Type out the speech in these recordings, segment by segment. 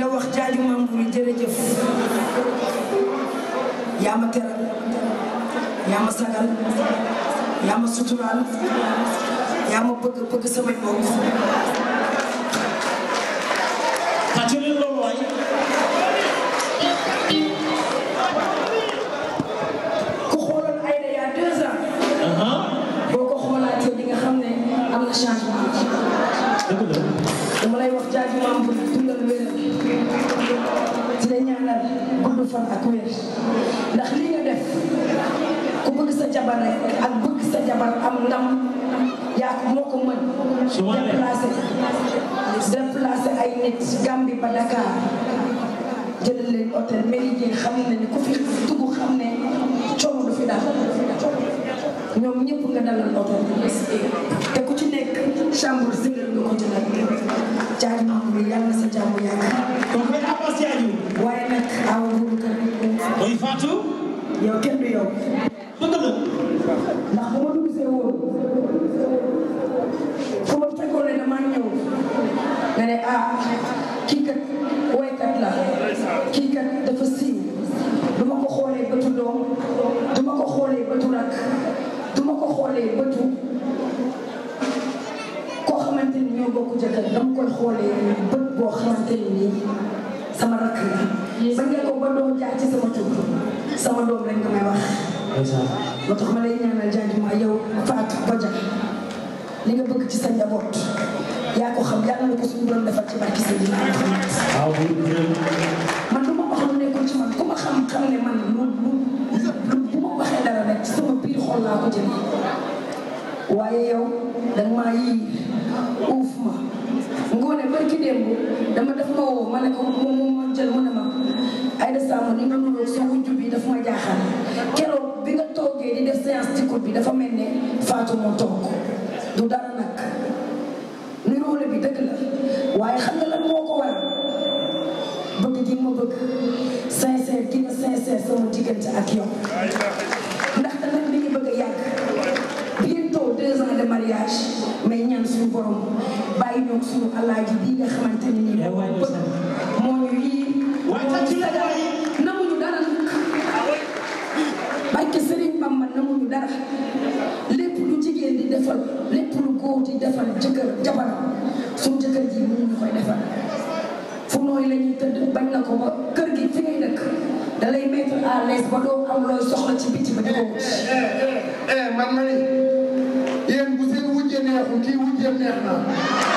la wax jaaju maam Buri jërëjëf yaa ma teral yaa ma sagal yaa ma suturaal yaa ma bëgg bëgg samay mbokk di la ñaanal gudd fan ak wér ndax li nga def ku bëgg sa jabar rek ak bëgg sa jabar am ndam yaa moo ko mën déplacé déplacé ay nit Gambie ba Dakar jëlal leen hôtel Méridien xam ne ni ku fi dugg xam ne coono du fi daal ñoom ñëpp nga dalal hôtel te ku ci nekk chambre single nga ko jëlal jaajëf bi yàlla sa jàmm yàgg ci aju. waaye nag aw boobu tamit. mooy Fatou. yow kenn du yow. bëgg na. ndax bu ma dugg see woon. fu ma fekkoon ne damaa ñëw. nga ne ah kii kat woykat la. kii kat dafa siiw. du ma ko xoolee bëtu doom. du ma ko xoolee bëtu rakk. du ma ko xoolee bëtu. koo xamante ni ñoo bokk jëkkër dama koy xoolee bët boo xamante ni nii. sama rakk la. ba ngeen ko ba doom jaar ci sama tur sama doom wax. moo tax ma lay ñaanal jaajuma yow Fatou Bodian li nga bëgg ci sa njaboot yaa ko xam yàlla na ko suñu doon defal barki sa dina waaw man lu ma wax lu nekkul ci man ku ma xam xam ne man lu lu bu ma waxee dara rek sama biir xol laa ko jëlee waaye yow danga maa yi uuf ma ngoone barki démb dama def ma woo ma ne ko moom doon jël mu ne ma Aïda Samb ni nga nuroog sa wujju bi daf ma jaaxal keroog bi nga toogee di def séance ci bi dafa mel ne Fatou moo toog du dara nag nuroole bi dëgg la waaye xam nga lan moo ko waral bëgg gi ma bëgg sincère gi nga sincère sama diggante ak yow di defal jëkkër jabaram suñu jëkkër ji mënuñu koy fu nooy la ñuy tëdd bañ na ko ba kër gi fi ngay dëkk da lay mettre à l'aise ba doo am looy soxla ci biti di ko wut. Eh, eh, eh, man ma ne yéen bu seen wujje neexul kii wujje neex na.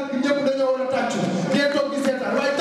tànk ñëpp dañoo war a tàccu ngeen toog di seetaan waaye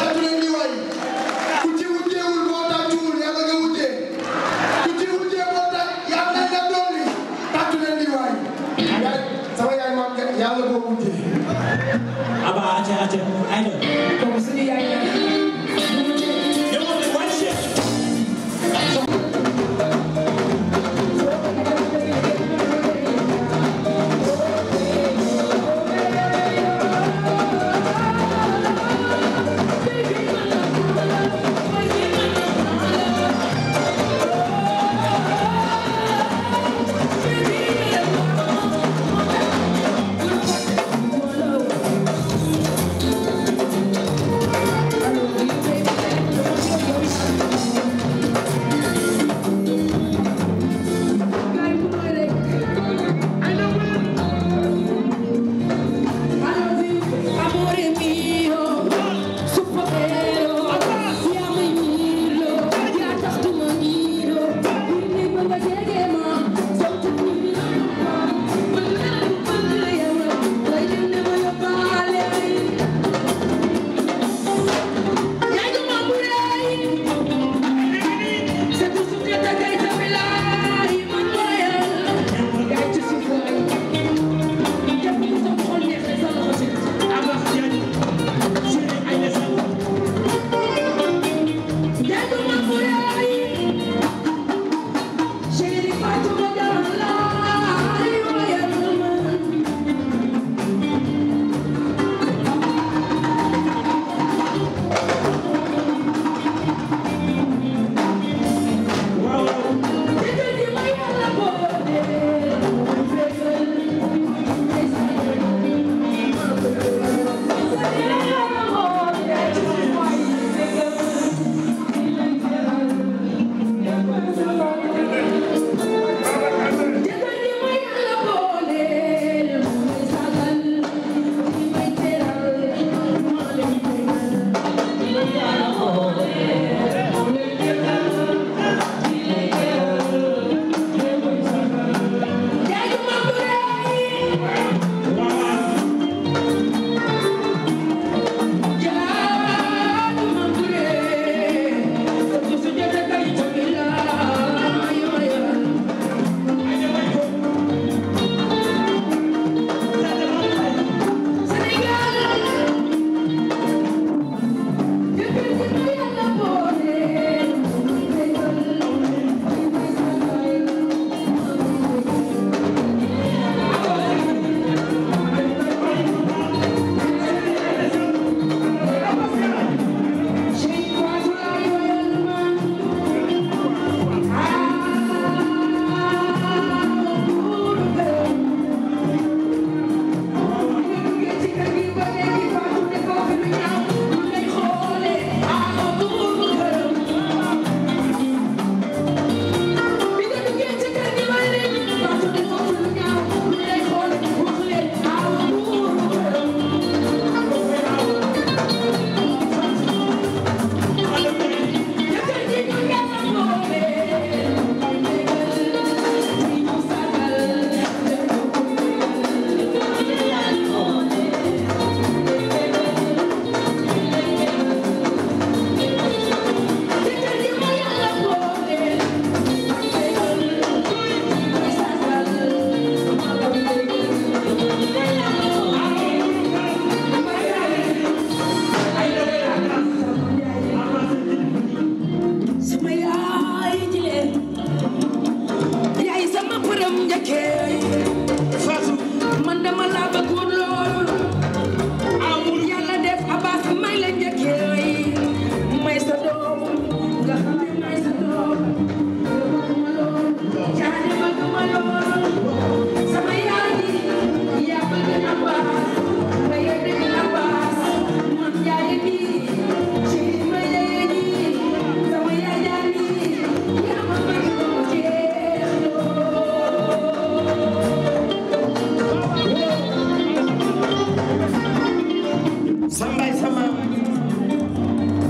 sambay sama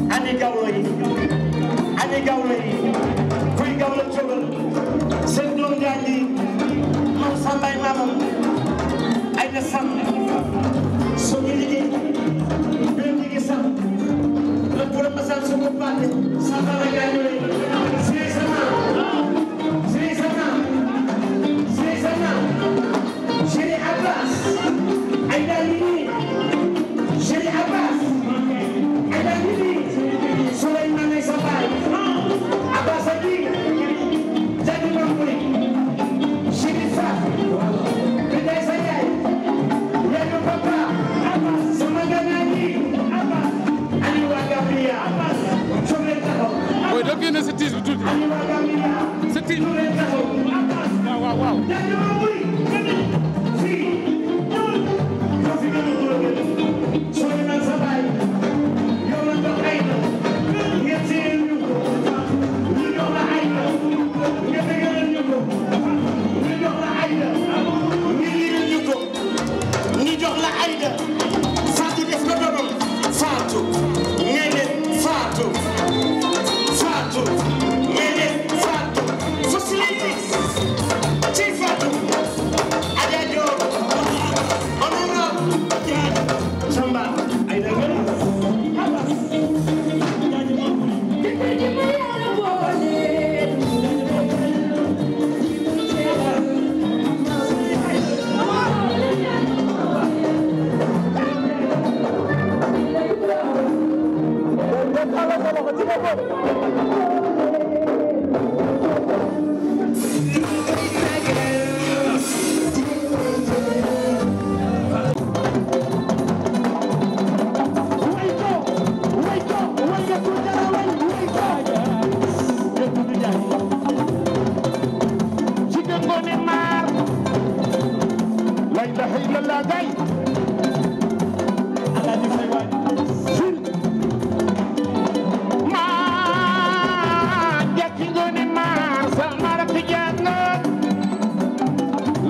ani gawlo yi ani gawlo yi kuy gawlo cogal seen doom jaan yi man sambay maamam ay na sam suñu liggéey benn liggéey sam la borom masaan su ko paate sambay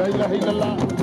ilaha illallah